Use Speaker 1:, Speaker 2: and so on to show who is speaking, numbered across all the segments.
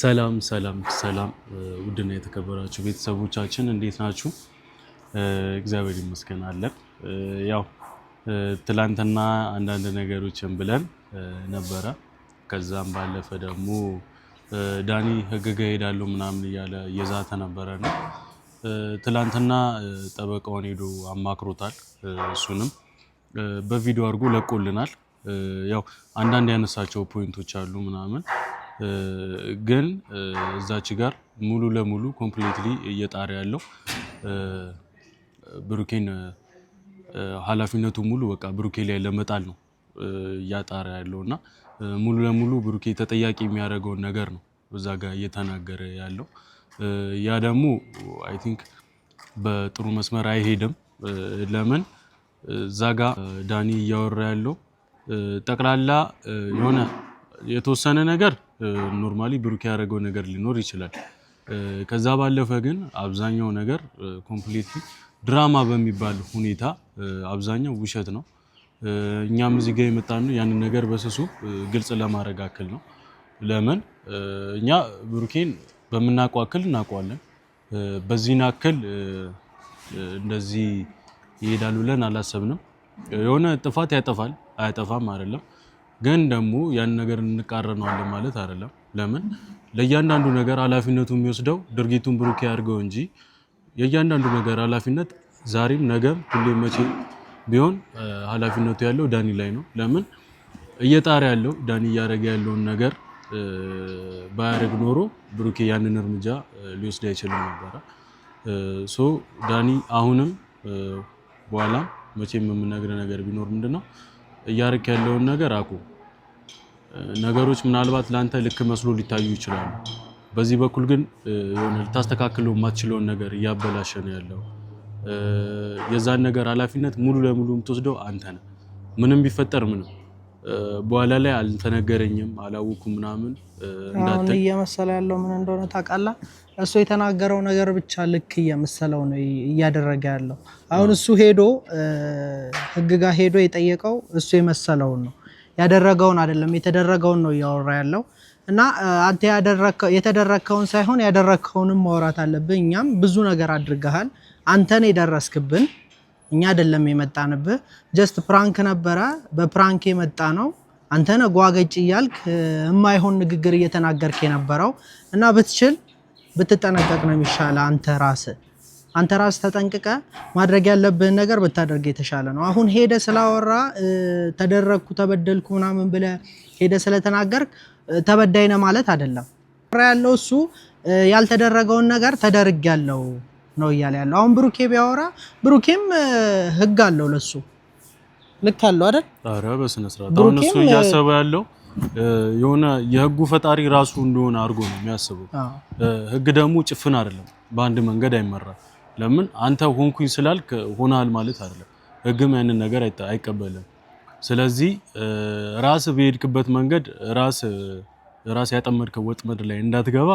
Speaker 1: ሰላም ሰላም ሰላም፣ ውድና የተከበራችሁ ቤተሰቦቻችን እንዴት ናችሁ? እግዚአብሔር ይመስገን አለን። ያው ትላንትና አንዳንድ ነገሮችን ብለን ነበረ። ከዛም ባለፈ ደግሞ ዳኒ ህግ ጋ ሄዳለሁ ምናምን እያለ እየዛተ ነበረ ነው። ትላንትና ጠበቃውን ሄዶ አማክሮታል። እሱንም በቪዲዮ አድርጎ ለቆልናል። ያው አንዳንድ ያነሳቸው ፖይንቶች አሉ ምናምን ግን እዛች ጋር ሙሉ ለሙሉ ኮምፕሊትሊ እየጣረ ያለው ብሩኬን ኃላፊነቱ ሙሉ በቃ ብሩኬ ላይ ለመጣል ነው እያጣረ ያለው እና ሙሉ ለሙሉ ብሩኬ ተጠያቂ የሚያደርገውን ነገር ነው እዛ ጋር እየተናገረ ያለው። ያ ደግሞ አይ ቲንክ በጥሩ መስመር አይሄድም። ለምን እዛ ጋ ዳኒ እያወራ ያለው ጠቅላላ የሆነ የተወሰነ ነገር ኖርማሊ ብሩክ ያደረገው ነገር ሊኖር ይችላል። ከዛ ባለፈ ግን አብዛኛው ነገር ኮምፕሊት ድራማ በሚባል ሁኔታ አብዛኛው ውሸት ነው። እኛም እዚህ ጋር የመጣነው ያንን ነገር በስሱ ግልጽ ለማድረግ አክል ነው። ለምን እኛ ብሩኬን በምናውቀው አክል እናውቀዋለን። በዚህን አክል እንደዚህ ይሄዳል ብለን አላሰብንም። የሆነ ጥፋት ያጠፋል አያጠፋም አይደለም ግን ደግሞ ያን ነገር እንቃረነዋለን ማለት አይደለም። ለምን ለእያንዳንዱ ነገር ኃላፊነቱ የሚወስደው ድርጊቱን ብሩኬ ያድርገው እንጂ የእያንዳንዱ ነገር ኃላፊነት ዛሬም፣ ነገም፣ ሁሌ መቼ ቢሆን ኃላፊነቱ ያለው ዳኒ ላይ ነው። ለምን እየጣረ ያለው ዳኒ እያደረገ ያለውን ነገር ባያደርግ ኖሮ ብሩኬ ያንን እርምጃ ሊወስድ አይችልም ነበረ። ሶ ዳኒ አሁንም በኋላ መቼም የምነግርህ ነገር ቢኖር ምንድነው እያደረክ ያለውን ነገር አቁም። ነገሮች ምናልባት ለአንተ ልክ መስሎ ሊታዩ ይችላሉ። በዚህ በኩል ግን የሆነ ልታስተካክለው የማትችለውን ነገር እያበላሸ ነው ያለው። የዛን ነገር ኃላፊነት ሙሉ ለሙሉ የምትወስደው አንተ ነህ። ምንም ቢፈጠር ምንም በኋላ ላይ አልተነገረኝም አላወኩም ምናምን
Speaker 2: እየመሰለ ያለው ምን እንደሆነ ታውቃለህ? እሱ የተናገረው ነገር ብቻ ልክ እየመሰለው ነው እያደረገ ያለው። አሁን እሱ ሄዶ ህግ ጋር ሄዶ የጠየቀው እሱ የመሰለውን ነው ያደረገውን አይደለም የተደረገውን ነው እያወራ ያለው እና አንተ የተደረግከውን ሳይሆን ያደረግከውንም ማውራት አለብህ። እኛም ብዙ ነገር አድርገሃል። አንተን የደረስክብን እኛ አይደለም የመጣንብህ። ጀስት ፕራንክ ነበረ፣ በፕራንክ የመጣ ነው። አንተነ ጓገጭ እያልክ የማይሆን ንግግር እየተናገርክ የነበረው እና ብትችል ብትጠነቀቅ ነው የሚሻለ አንተ ራስህ አንተ ራስ ተጠንቅቀ ማድረግ ያለብህን ነገር ብታደርግ የተሻለ ነው። አሁን ሄደ ስላወራ ተደረግኩ ተበደልኩ ምናምን ብለ ሄደ ስለተናገርክ ነ ማለት አይደለም። ያለው እሱ ያልተደረገውን ነገር ተደርግ ያለው ነው እያለ ያለው። አሁን ብሩኬ ቢያወራ ብሩኬም ህግ አለው ለሱ ልክ አለው አይደል?
Speaker 1: ኧረ በስነ ስርዓት አሁን እሱ እያሰበ ያለው የሆነ የህጉ ፈጣሪ ራሱ እንደሆነ አድርጎ ነው የሚያስበው። ህግ ደግሞ ጭፍን አይደለም፣ በአንድ መንገድ አይመራም። ለምን አንተ ሆንኩኝ ስላልክ ሆናል ማለት አይደለም። ህግም ያንን ነገር አይቀበልም። ስለዚህ ራስ በሄድክበት መንገድ ራስ ራስ ያጠመድክ ወጥመድ ላይ እንዳትገባ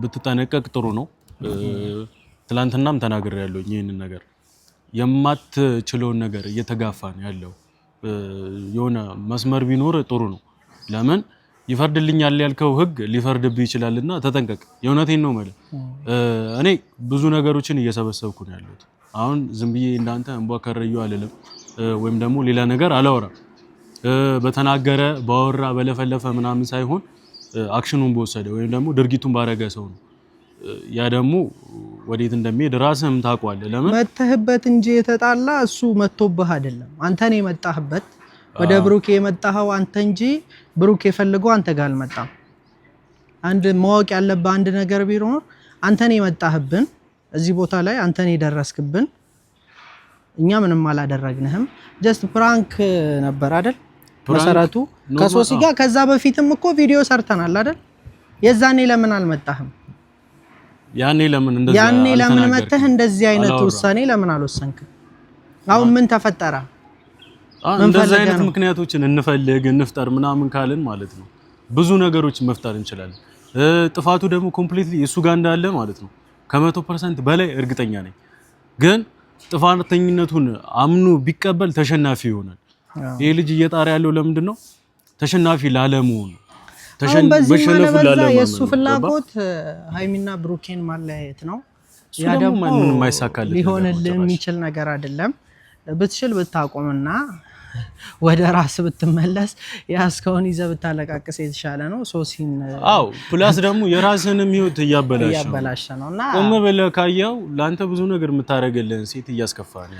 Speaker 1: ብትጠነቀቅ ጥሩ ነው። ትላንትናም ተናገር ያለው ይህንን ነገር የማትችለውን ነገር እየተጋፋን ያለው የሆነ መስመር ቢኖር ጥሩ ነው። ለምን ይፈርድልኛል ያልከው ህግ ሊፈርድብህ ይችላልና ተጠንቀቅ። የእውነቴን ነው የምልህ። እኔ ብዙ ነገሮችን እየሰበሰብኩ ነው ያለሁት። አሁን ዝም ብዬ እንዳንተ እንቧ ከረዩ አልልም፣ ወይም ደግሞ ሌላ ነገር አላወራም። በተናገረ ባወራ በለፈለፈ ምናምን ሳይሆን አክሽኑን በወሰደ ወይም ደግሞ ድርጊቱን ባረገ ሰው ነው። ያ ደግሞ ወዴት እንደሚሄድ ራስህም ታውቀዋለህ።
Speaker 2: ለምን መተህበት እንጂ የተጣላ እሱ መቶብህ አይደለም። አንተ ነው የመጣህበት። ወደ ብሩኬ የመጣኸው አንተ እንጂ ብሩክ የፈልገው አንተ ጋር አልመጣም። አንድ ማወቅ ያለብህ አንድ ነገር ቢኖር አንተን የመጣህብን እዚህ ቦታ ላይ አንተን የደረስክብን፣ እኛ ምንም አላደረግንህም። ጀስት ፕራንክ ነበር አይደል መሰረቱ ከሶሲ ጋር። ከዛ በፊትም እኮ ቪዲዮ ሰርተናል አይደል? የዛኔ ለምን አልመጣህም?
Speaker 1: ያኔ ለምን እንደዛ
Speaker 2: ያኔ ለምን መጥተህ እንደዚህ አይነት ውሳኔ ለምን አልወሰንክም? አሁን ምን ተፈጠረ?
Speaker 1: እንደዚህ አይነት ምክንያቶችን እንፈልግ እንፍጠር ምናምን ካልን ማለት ነው ብዙ ነገሮችን መፍጠር እንችላለን። ጥፋቱ ደግሞ ኮምፕሊትሊ እሱ ጋር እንዳለ ማለት ነው ከመቶ ፐርሰንት በላይ እርግጠኛ ነኝ። ግን ጥፋተኝነቱን አምኖ ቢቀበል ተሸናፊ ይሆናል። ይህ ልጅ እየጣረ ያለው ለምንድን ነው? ተሸናፊ ላለመሆኑ
Speaker 2: በዚህ የእሱ ፍላጎት ሀይሚና ብሩኬን ማለያየት ነው። ያ ደግሞ ሊሆንልህ የሚችል ነገር አይደለም። ብትችል ብታቆምና ወደ ራስ ብትመለስ ያስከውን ይዘ ብታለቃቅስ የተሻለ ነው። ሶሲን
Speaker 1: አው ፕላስ ደግሞ የራስህንም ህይወት እያበላሸ ነው እና ቆመ በለ ካየኸው ለአንተ ብዙ ነገር የምታደርግልህን ሴት እያስከፋ ነው።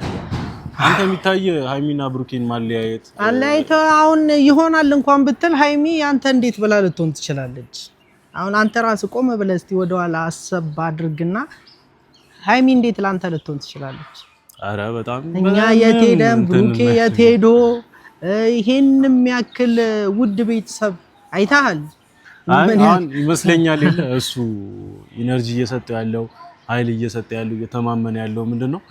Speaker 1: አንተ የሚታየ ሀይሚና ብሩኬን ማለያየት
Speaker 2: አለያይተ አሁን ይሆናል እንኳን ብትል ሀይሚ ያንተ እንዴት ብላ ልትሆን ትችላለች? አሁን አንተ ራስ ቆመ ብለ እስቲ ወደኋላ አሰብ አድርግና ሀይሚ እንዴት ለአንተ ልትሆን ትችላለች? አረ በጣም እኛ የት ሄደን ብሩኬ የት ሄዶ ይሄን የሚያክል ውድ ቤተሰብ አይተሃል
Speaker 1: ይመስለኛል። የለ እሱ ኢነርጂ እየሰጠ ያለው ኃይል እየሰጠ ያለው እየተማመነ ያለው ምንድን ነው?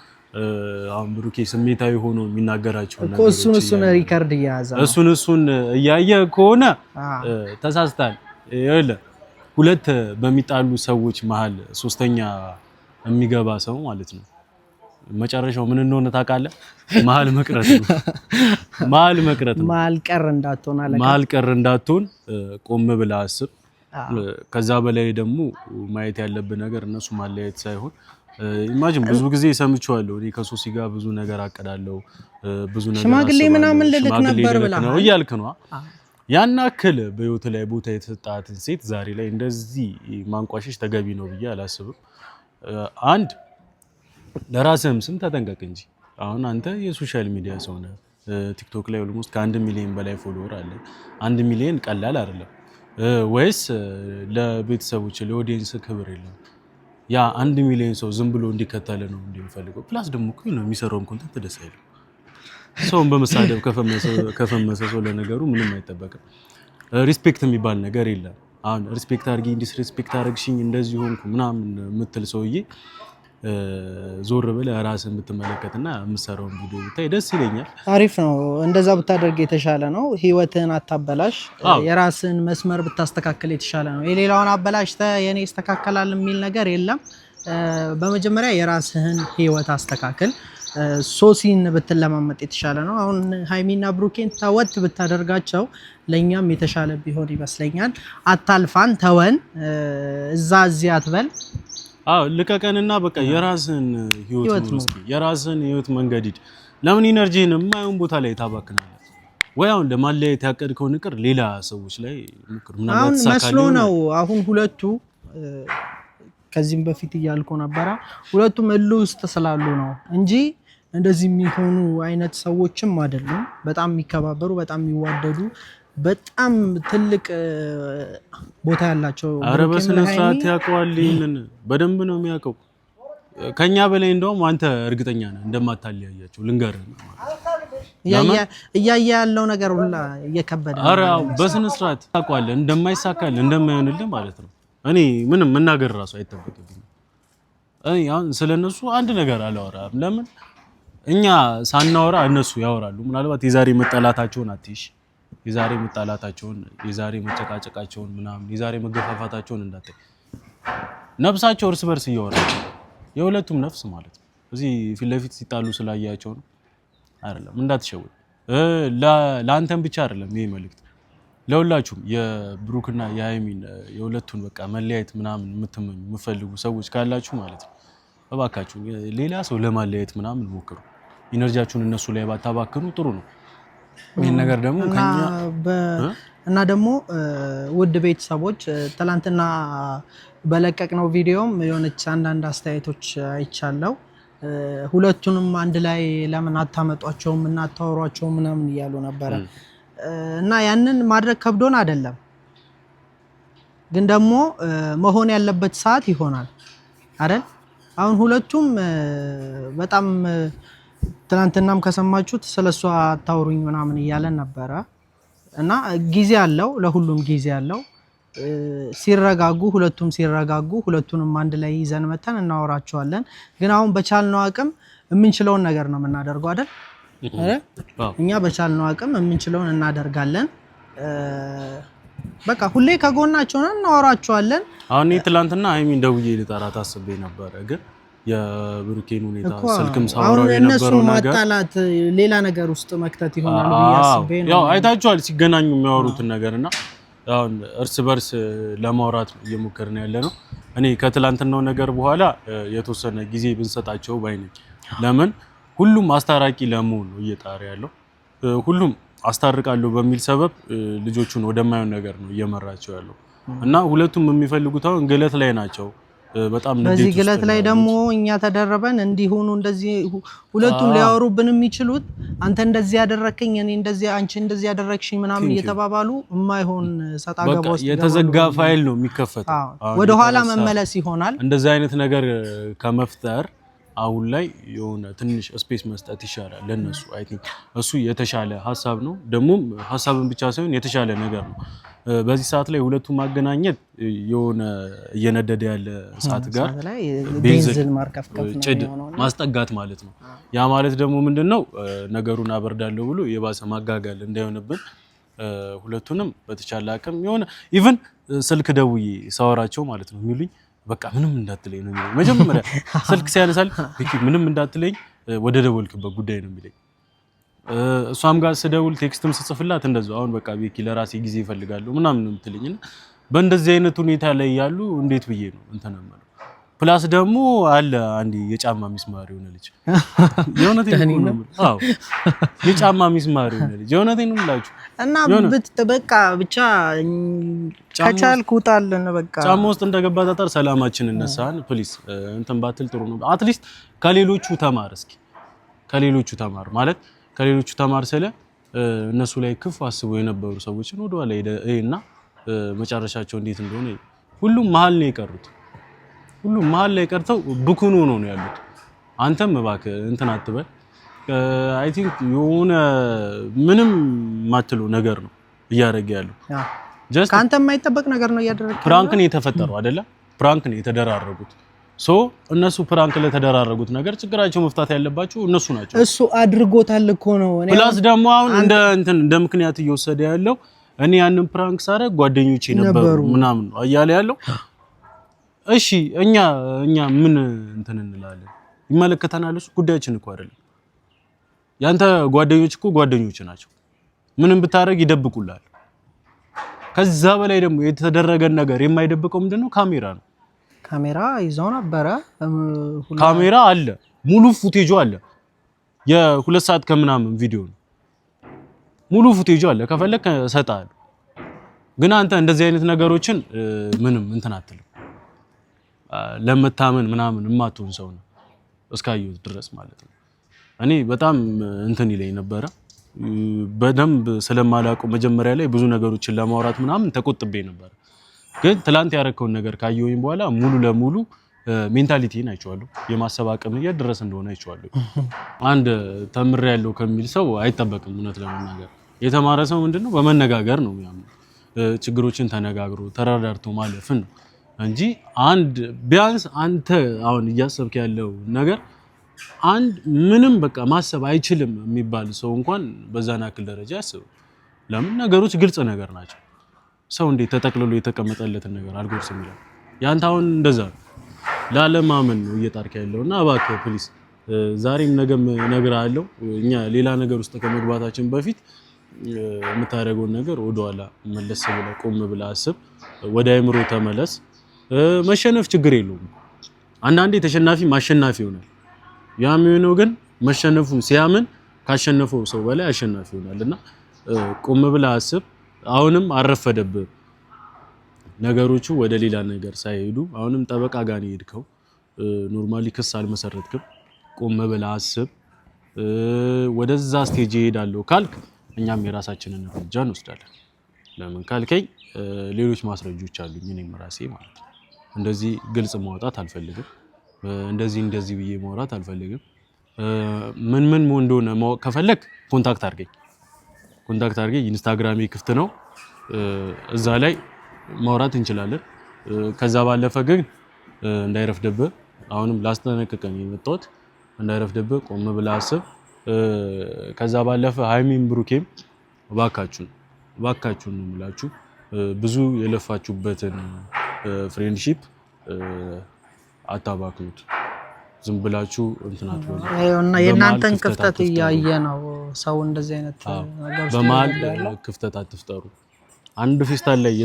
Speaker 1: አሁን ብሩኬ ስሜታዊ ሆኖ የሚናገራቸው
Speaker 2: እሱን እሱን ሪከርድ እያያዘ
Speaker 1: እሱን እሱን እያየ ከሆነ ተሳስታል። ይኸውልህ ሁለት በሚጣሉ ሰዎች መሀል ሶስተኛ የሚገባ ሰው ማለት ነው መጨረሻው ምን እንደሆነ ታውቃለህ? መሀል መቅረት ነው። መሀል መቅረት ነው።
Speaker 2: መሀል ቀር እንዳትሆን
Speaker 1: አለ። መሀል ቀር እንዳትሆን ቆም ብለህ አስብ። ከዛ በላይ ደግሞ ማየት ያለብህ ነገር እነሱ ማለያየት ሳይሆን ኢማጂን ብዙ ጊዜ ሰምቼዋለሁ። እኔ ከሶሲ ጋር ብዙ ነገር አቀዳለሁ ብዙ ነገር
Speaker 2: ሽማግሌ ምናምን ልልክ
Speaker 1: ነበር ብላ ነው እያልክ ነው። ያን አክል በህይወት ላይ ቦታ የተሰጣትን ሴት ዛሬ ላይ እንደዚህ ማንቋሸሽ ተገቢ ነው ብዬ አላስብም። አንድ ለራስህም ስም ተጠንቀቅ እንጂ አሁን አንተ የሶሻል ሚዲያ ሰው ነህ። ቲክቶክ ላይ ኦልሞስት ከአንድ ሚሊዮን በላይ ፎሎወር አለ። አንድ ሚሊዮን ቀላል አይደለም። ወይስ ለቤተሰቦች ለኦዲየንስ ክብር የለም? ያ አንድ ሚሊዮን ሰው ዝም ብሎ እንዲከተል ነው እንደሚፈልገው። ፕላስ ደግሞ ነው የሚሰራውን ኮንተንት ደስ አይልም። ሰውን በመሳደብ ከፈመሰ ሰው ለነገሩ ምንም አይጠበቅም። ሪስፔክት የሚባል ነገር የለም። አሁን ሪስፔክት አድርጊ፣ ዲስሪስፔክት አድርግሽኝ፣ እንደዚህ ሆንኩ ምናምን የምትል ሰውዬ ዞር ብለ ራስን ብትመለከትና የምሰራውን ቪዲዮ ብታይ ደስ ይለኛል።
Speaker 2: አሪፍ ነው። እንደዛ ብታደርግ የተሻለ ነው። ህይወትን አታበላሽ። የራስን መስመር ብታስተካከል የተሻለ ነው። የሌላውን አበላሽተ የኔ ይስተካከላል የሚል ነገር የለም። በመጀመሪያ የራስህን ህይወት አስተካክል። ሶሲን ብትለማመጥ የተሻለ ነው። አሁን ሀይሚና ብሩኬን ተወት ብታደርጋቸው ለእኛም የተሻለ ቢሆን ይመስለኛል። አታልፋን፣ ተወን፣ እዛ እዚህ አትበል።
Speaker 1: አዎ ልቀቀንና በቃ የራስን ህይወት ነው የራስን ህይወት መንገድ ሂድ። ለምን ኢነርጂን የማይሆን ቦታ ላይ ታባክናለህ? ወይ አሁን ለማለያየት ያቀድከውን እቅር ሌላ ሰዎች ላይ
Speaker 2: ምክር ምናምን መስሎ ነው። አሁን ሁለቱ ከዚህም በፊት እያልኩ ነበረ፣ ሁለቱም እልህ ውስጥ ስላሉ ነው እንጂ እንደዚህ የሚሆኑ አይነት ሰዎችም አይደሉም። በጣም የሚከባበሩ በጣም የሚዋደዱ በጣም ትልቅ ቦታ ያላቸው።
Speaker 1: አረ በስነ ስርዓት ያውቀዋል። ይህንን በደንብ ነው የሚያውቀው። ከኛ በላይ እንደውም አንተ እርግጠኛ ነህ እንደማታለያያቸው። ልንገር
Speaker 2: እያየ ያለው ነገር ሁላ እየከበደ
Speaker 1: አረ በስነ ስርዓት ታውቀዋለህ፣ እንደማይሳካል እንደማይሆንልህ ማለት ነው። እኔ ምንም መናገር እራሱ አይጠበቅብኝም። እኔ አሁን ስለነሱ አንድ ነገር አላወራም። ለምን እኛ ሳናወራ እነሱ ያወራሉ። ምናልባት የዛሬ መጠላታቸውን አትይሽ የዛሬ መጣላታቸውን፣ የዛሬ መጨቃጨቃቸውን ምናምን የዛሬ መገፋፋታቸውን እንዳታይ ነፍሳቸው እርስ በርስ እያወራ የሁለቱም ነፍስ ማለት ነው። እዚህ ፊት ለፊት ሲጣሉ ስላያቸው ነው አይደለም፣ እንዳትሸወድ። ለአንተም ብቻ አይደለም ይሄ መልእክት፣ ለሁላችሁም የብሩክና የሀይሚን የሁለቱን በቃ መለያየት ምናምን የምትመኙ የምፈልጉ ሰዎች ካላችሁ ማለት ነው እባካችሁ ሌላ ሰው ለማለያየት ምናምን ሞክሩ። ኢነርጂያችሁን እነሱ ላይ ባታባክኑ ጥሩ ነው። ይህን ነገር ደግሞ
Speaker 2: እና ደግሞ ውድ ቤተሰቦች ትላንትና በለቀቅነው ቪዲዮም የሆነች አንዳንድ አስተያየቶች አይቻለው። ሁለቱንም አንድ ላይ ለምን አታመጧቸውም እና አታወሯቸውም ምናምን እያሉ ነበረ እና ያንን ማድረግ ከብዶን አይደለም፣ ግን ደግሞ መሆን ያለበት ሰዓት ይሆናል አይደል? አሁን ሁለቱም በጣም ትናንትናም ከሰማችሁት ስለሷ አታውሩኝ ምናምን እያለን ነበረ እና ጊዜ አለው፣ ለሁሉም ጊዜ አለው። ሲረጋጉ ሁለቱም ሲረጋጉ ሁለቱንም አንድ ላይ ይዘን መተን እናወራቸዋለን። ግን አሁን በቻልነው አቅም የምንችለውን ነገር ነው የምናደርገው አይደል? እኛ በቻልነው አቅም የምንችለውን እናደርጋለን። በቃ ሁሌ ከጎናቸው ነን፣ እናወራቸዋለን።
Speaker 1: አሁን ትላንትና ሀይሚን ደውዬ ልጠራት አስቤ ነበረ ግን የብሩኬን ሁኔታ ስልክም ሳውራው
Speaker 2: የነበረው ማጣላት ሌላ ነገር ውስጥ መክተት ይሆናል
Speaker 1: አይታችኋል ሲገናኙ የሚያወሩትን ነገር እና እርስ በርስ ለማውራት እየሞከርን ያለ ነው። እኔ ከትላንትናው ነገር በኋላ የተወሰነ ጊዜ ብንሰጣቸው ባይ ለምን ሁሉም አስታራቂ ለመሆን ነው እየጣረ ያለው። ሁሉም አስታርቃለሁ በሚል ሰበብ ልጆቹን ወደማየውን ነገር ነው እየመራቸው ያለው እና ሁለቱም የሚፈልጉት አሁን ግለት ላይ ናቸው። በጣም
Speaker 2: በዚህ ግለት ላይ ደግሞ እኛ ተደረበን እንዲሆኑ እንደዚህ ሁለቱም ሊያወሩብን የሚችሉት አንተ እንደዚህ ያደረከኝ እኔ እንደዚህ አንቺ እንደዚህ ያደረግሽኝ ምናምን እየተባባሉ የማይሆን ሰጣ ገባ
Speaker 1: ውስጥ የተዘጋ ፋይል ነው የሚከፈት።
Speaker 2: ወደ ኋላ መመለስ ይሆናል።
Speaker 1: እንደዚህ አይነት ነገር ከመፍጠር አሁን ላይ የሆነ ትንሽ ስፔስ መስጠት ይሻላል ለነሱ። አይ ቲንክ እሱ የተሻለ ሀሳብ ነው። ደግሞ ሀሳብን ብቻ ሳይሆን የተሻለ ነገር ነው። በዚህ ሰዓት ላይ ሁለቱ ማገናኘት የሆነ እየነደደ ያለ እሳት ጋር ጭድ ማስጠጋት ማለት ነው። ያ ማለት ደግሞ ምንድን ነው ነገሩን አበርዳለሁ ብሎ የባሰ ማጋጋል እንዳይሆንብን ሁለቱንም በተቻለ አቅም የሆነ ኢቨን ስልክ ደውዬ ሳወራቸው ማለት ነው የሚሉኝ በቃ ምንም እንዳትለኝ ነው። መጀመሪያ ስልክ ሲያነሳል ምንም እንዳትለኝ ወደ ደወልክበት ጉዳይ ነው የሚለኝ እሷም ጋር ስደውል ቴክስትም ስጽፍላት እንደዛው አሁን በቃ ቤኪ ለራሴ ጊዜ እፈልጋለሁ ምናምን ነው የምትልኝና በእንደዚህ አይነት ሁኔታ ላይ ያሉ እንዴት ብዬ ነው እንትን የምለው። ፕላስ ደግሞ አለ አንድ የጫማ ሚስማር የሆነ ልጅ የጫማ ሚስማር የሆነ ልጅ የእውነቴን ነው የምላችሁ።
Speaker 2: እና በቃ ብቻ ከቻልክ ውጣልን። በቃ
Speaker 1: ጫማ ውስጥ እንደገባ ጠጠር ሰላማችን እነሳን። ፕሊስ እንትን ባትል ጥሩ ነው። አትሊስት ከሌሎቹ ተማር እስኪ ከሌሎቹ ተማር ማለት ከሌሎቹ ተማር ስለ እነሱ ላይ ክፉ አስቦ የነበሩ ሰዎችን ወደኋላ እና መጨረሻቸው እንዴት እንደሆነ ሁሉም መሀል ነው የቀሩት። ሁሉም መሀል ላይ ቀርተው ብኩን ሆኖ ነው ያሉት። አንተም እባክህ እንትን አትበል። አይ ቲንክ የሆነ ምንም ማትሉ ነገር ነው እያደረገ ያለው።
Speaker 2: ከአንተ የማይጠበቅ ነገር ነው እያደረገ።
Speaker 1: ፕራንክ ነው የተፈጠረው አይደለ? ፕራንክ ነው የተደራረጉት። ሶ እነሱ ፕራንክ ለተደራረጉት ነገር ችግራቸው መፍታት ያለባቸው እነሱ ናቸው።
Speaker 2: እሱ አድርጎታል እኮ ነው።
Speaker 1: ፕላስ ደግሞ አሁን እንደ እንትን እንደ ምክንያት እየወሰደ ያለው እኔ ያንን ፕራንክ ሳደርግ ጓደኞቼ ነበሩ ምናምን ነው እያለ ያለው። እሺ እኛ እኛ ምን እንትን እንላለን? ይመለከተናል። እሱ ጉዳያችን እኮ አይደለም። ያንተ ጓደኞች እኮ ጓደኞች ናቸው። ምንም ብታደርግ ይደብቁላል። ከዛ በላይ ደግሞ የተደረገን ነገር የማይደብቀው ምንድነው? ካሜራ ነው
Speaker 2: ካሜራ ይዘው ነበረ።
Speaker 1: ካሜራ አለ፣ ሙሉ ፉቴጁ አለ። የሁለት ሰዓት ከምናምን ቪዲዮ ነው፣ ሙሉ ፉቴጁ አለ። ከፈለክ እሰጥሃለሁ። ግን አንተ እንደዚህ አይነት ነገሮችን ምንም እንትን አትልም። ለመታመን ምናምን የማትሆን ሰው ነው እስካየሁት ድረስ ማለት ነው። እኔ በጣም እንትን ይለኝ ነበረ በደንብ ስለማላውቀው መጀመሪያ ላይ ብዙ ነገሮችን ለማውራት ምናምን ተቆጥቤ ነበረ። ግን ትላንት ያረከውን ነገር ካየሁኝ በኋላ ሙሉ ለሙሉ ሜንታሊቲን አይቼዋለሁ። የማሰብ አቅም የት ድረስ እንደሆነ አይቼዋለሁ። አንድ ተምር ያለው ከሚል ሰው አይጠበቅም። እውነት ለመናገር የተማረ ሰው ምንድነው በመነጋገር ነው የሚያምኑ ችግሮችን ተነጋግሮ ተረዳርቶ ማለፍን ነው እንጂ አንድ ቢያንስ አንተ አሁን እያሰብክ ያለው ነገር አንድ ምንም በቃ ማሰብ አይችልም የሚባል ሰው እንኳን በዛን ያክል ደረጃ ያስብ። ለምን ነገሮች ግልጽ ነገር ናቸው። ሰው እንዴት ተጠቅልሎ የተቀመጠለትን ነገር አልጎርስም ይላል። ያንተ አሁን እንደዛ ነው፣ ላለማመን ነው እየጣርክ ያለው እና እባክህ ፕሊስ፣ ዛሬም ነገም እነግርሃለሁ። እኛ ሌላ ነገር ውስጥ ከመግባታችን በፊት የምታደርገውን ነገር ወደኋላ መለስ ብለህ ቆም ብለህ አስብ፣ ወደ አይምሮ ተመለስ። መሸነፍ ችግር የለውም። አንዳንዴ ተሸናፊ ማሸናፊ ይሆናል። ያ የሚሆነው ግን መሸነፉን ሲያምን ካሸነፈው ሰው በላይ አሸናፊ ይሆናል እና ቁም ብለህ አስብ። አሁንም አረፈደብ ነገሮቹ ወደ ሌላ ነገር ሳይሄዱ አሁንም ጠበቃ ጋር ነው የሄድከው። ኖርማሊ ክስ አልመሰረትክም። ቆም ብለህ አስብ። ወደዛ ስቴጅ እሄዳለሁ ካልክ እኛም የራሳችንን እርምጃ እንወስዳለን። ለምን ካልከኝ ሌሎች ማስረጃዎች አሉኝ እኔም ራሴ ማለት ነው። እንደዚህ ግልጽ ማውጣት አልፈልግም። እንደዚህ እንደዚህ ብዬ ማውራት አልፈልግም። ምን ምን እንደሆነ ማወቅ ከፈለግ ኮንታክት አድርገኝ። ኮንታክት አድርጌ ኢንስታግራሜ ክፍት ነው፣ እዛ ላይ ማውራት እንችላለን። ከዛ ባለፈ ግን እንዳይረፍደብህ አሁንም ላስጠነቅቀን የመጣሁት እንዳይረፍደብህ ቆም ብለህ አስብ። ከዛ ባለፈ ሀይሚም ብሩኬም እባካችሁን እባካችሁን ነው የምላችሁ ብዙ የለፋችሁበትን ፍሬንድሺፕ አታባክኑት። ዝም ብላችሁ እንትን
Speaker 2: አትበሉ። የእናንተን ክፍተት እያየ ነው ሰው እንደዚህ አይነት
Speaker 1: በመሀል ክፍተት አትፍጠሩ። አንድ ፌስታል ላይ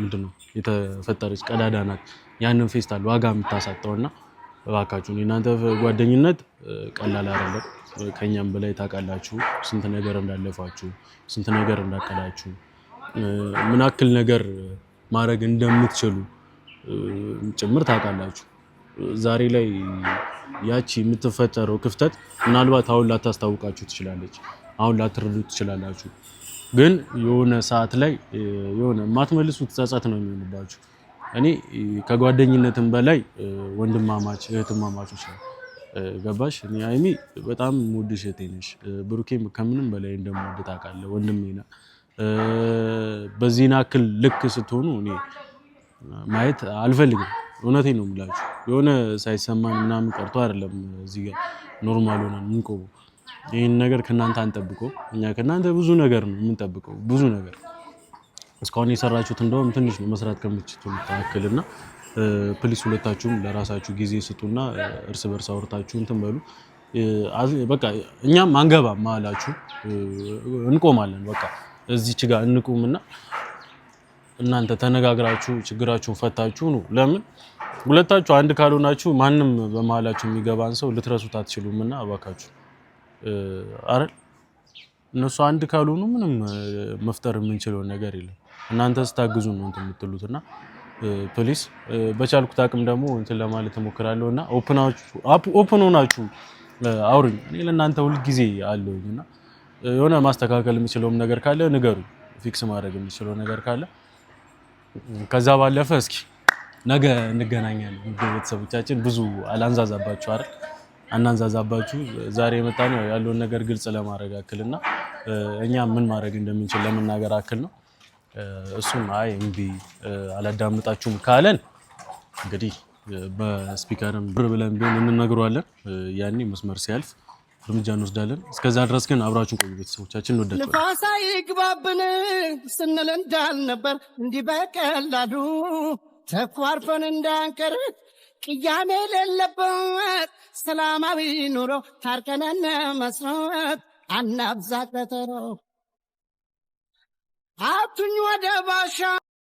Speaker 1: ምንድን ነው የተፈጠረች ቀዳዳ ናት። ያንን ፌስታል ዋጋ የምታሳጠው እና እባካችሁ የእናንተ ጓደኝነት ቀላል አይደለም። ከኛም በላይ ታውቃላችሁ ስንት ነገር እንዳለፋችሁ፣ ስንት ነገር እንዳቀላችሁ፣ ምን ያክል ነገር ማድረግ እንደምትችሉ ጭምር ታውቃላችሁ። ዛሬ ላይ ያቺ የምትፈጠረው ክፍተት ምናልባት አሁን ላታስታውቃችሁ ትችላለች፣ አሁን ላትረዱ ትችላላችሁ። ግን የሆነ ሰዓት ላይ የሆነ የማትመልሱት ጸጸት ነው የሚሆንባችሁ። እኔ ከጓደኝነትም በላይ ወንድማማች እህትማማች ይችላል። ገባሽ? እኔ ሀይሚ በጣም የምወድሽ እህቴ ነሽ። ብሩኬም ከምንም በላይ እንደምወድ ታውቃለህ፣ ወንድሜ ነህ። በዚህን ያክል ልክ ስትሆኑ እኔ ማየት አልፈልግም። እውነቴ ነው የምላችሁ የሆነ ሳይሰማን ምናምን ቀርቶ አይደለም እዚህ ጋር ኖርማል ሆነን የምንቆመው። ይህን ነገር ከእናንተ አንጠብቀው። እኛ ከእናንተ ብዙ ነገር ነው የምንጠብቀው፣ ብዙ ነገር እስካሁን የሰራችሁት እንደውም ትንሽ ነው መስራት ከምችቱ መካከል እና ፕሊስ ሁለታችሁም ለራሳችሁ ጊዜ ስጡና እርስ በርስ አውርታችሁ እንትን በሉ። በቃ እኛም አንገባም መሀላችሁ እንቆማለን። በቃ እዚች ጋር እንቁምና እናንተ ተነጋግራችሁ ችግራችሁን ፈታችሁ ነው። ለምን ሁለታችሁ አንድ ካልሆናችሁ ማንም በመሀላችሁ የሚገባን ሰው ልትረሱት አትችሉም። እና እባካችሁ አረል እነሱ አንድ ካልሆኑ ምንም መፍጠር የምንችለው ነገር የለም። እናንተ ስታግዙ ነው እንትን የምትሉት እና ፕሊስ በቻልኩት አቅም ደግሞ እንትን ለማለት እሞክራለሁ እና ኦፕን ሆናችሁ አውሩኝ። እኔ ለእናንተ ሁልጊዜ አለውኝ እና የሆነ ማስተካከል የምችለውም ነገር ካለ ንገሩ። ፊክስ ማድረግ የምችለው ነገር ካለ ከዛ ባለፈ እስኪ ነገ እንገናኛለን። ቤተሰቦቻችን ብዙ አላንዛዛባችሁ አይደል? አናንዛዛባችሁ። ዛሬ የመጣነው ያለውን ነገር ግልጽ ለማድረግ አክል እና እኛ ምን ማድረግ እንደምንችል ለመናገር አክል ነው። እሱም አይ እምቢ አላዳምጣችሁም ካለን እንግዲህ በስፒከርም ብር ብለን ቢሆን እንነግሯለን። ያኔ መስመር ሲያልፍ እርምጃ እንወስዳለን። እስከዛ ድረስ ግን አብራችን ቆዩ። ቤተሰቦቻችን እንወዳቸዋለን። ንፋሳ ይግባብን ስንል እንዳልነበር እንዲህ በቀላሉ ተኳርፈን እንዳንቀር ቅያሜ የሌለበት ሰላማዊ ኑሮ ታርቀነን መስረት አናብዛ በተረው አቱኝ ወደ ባሻ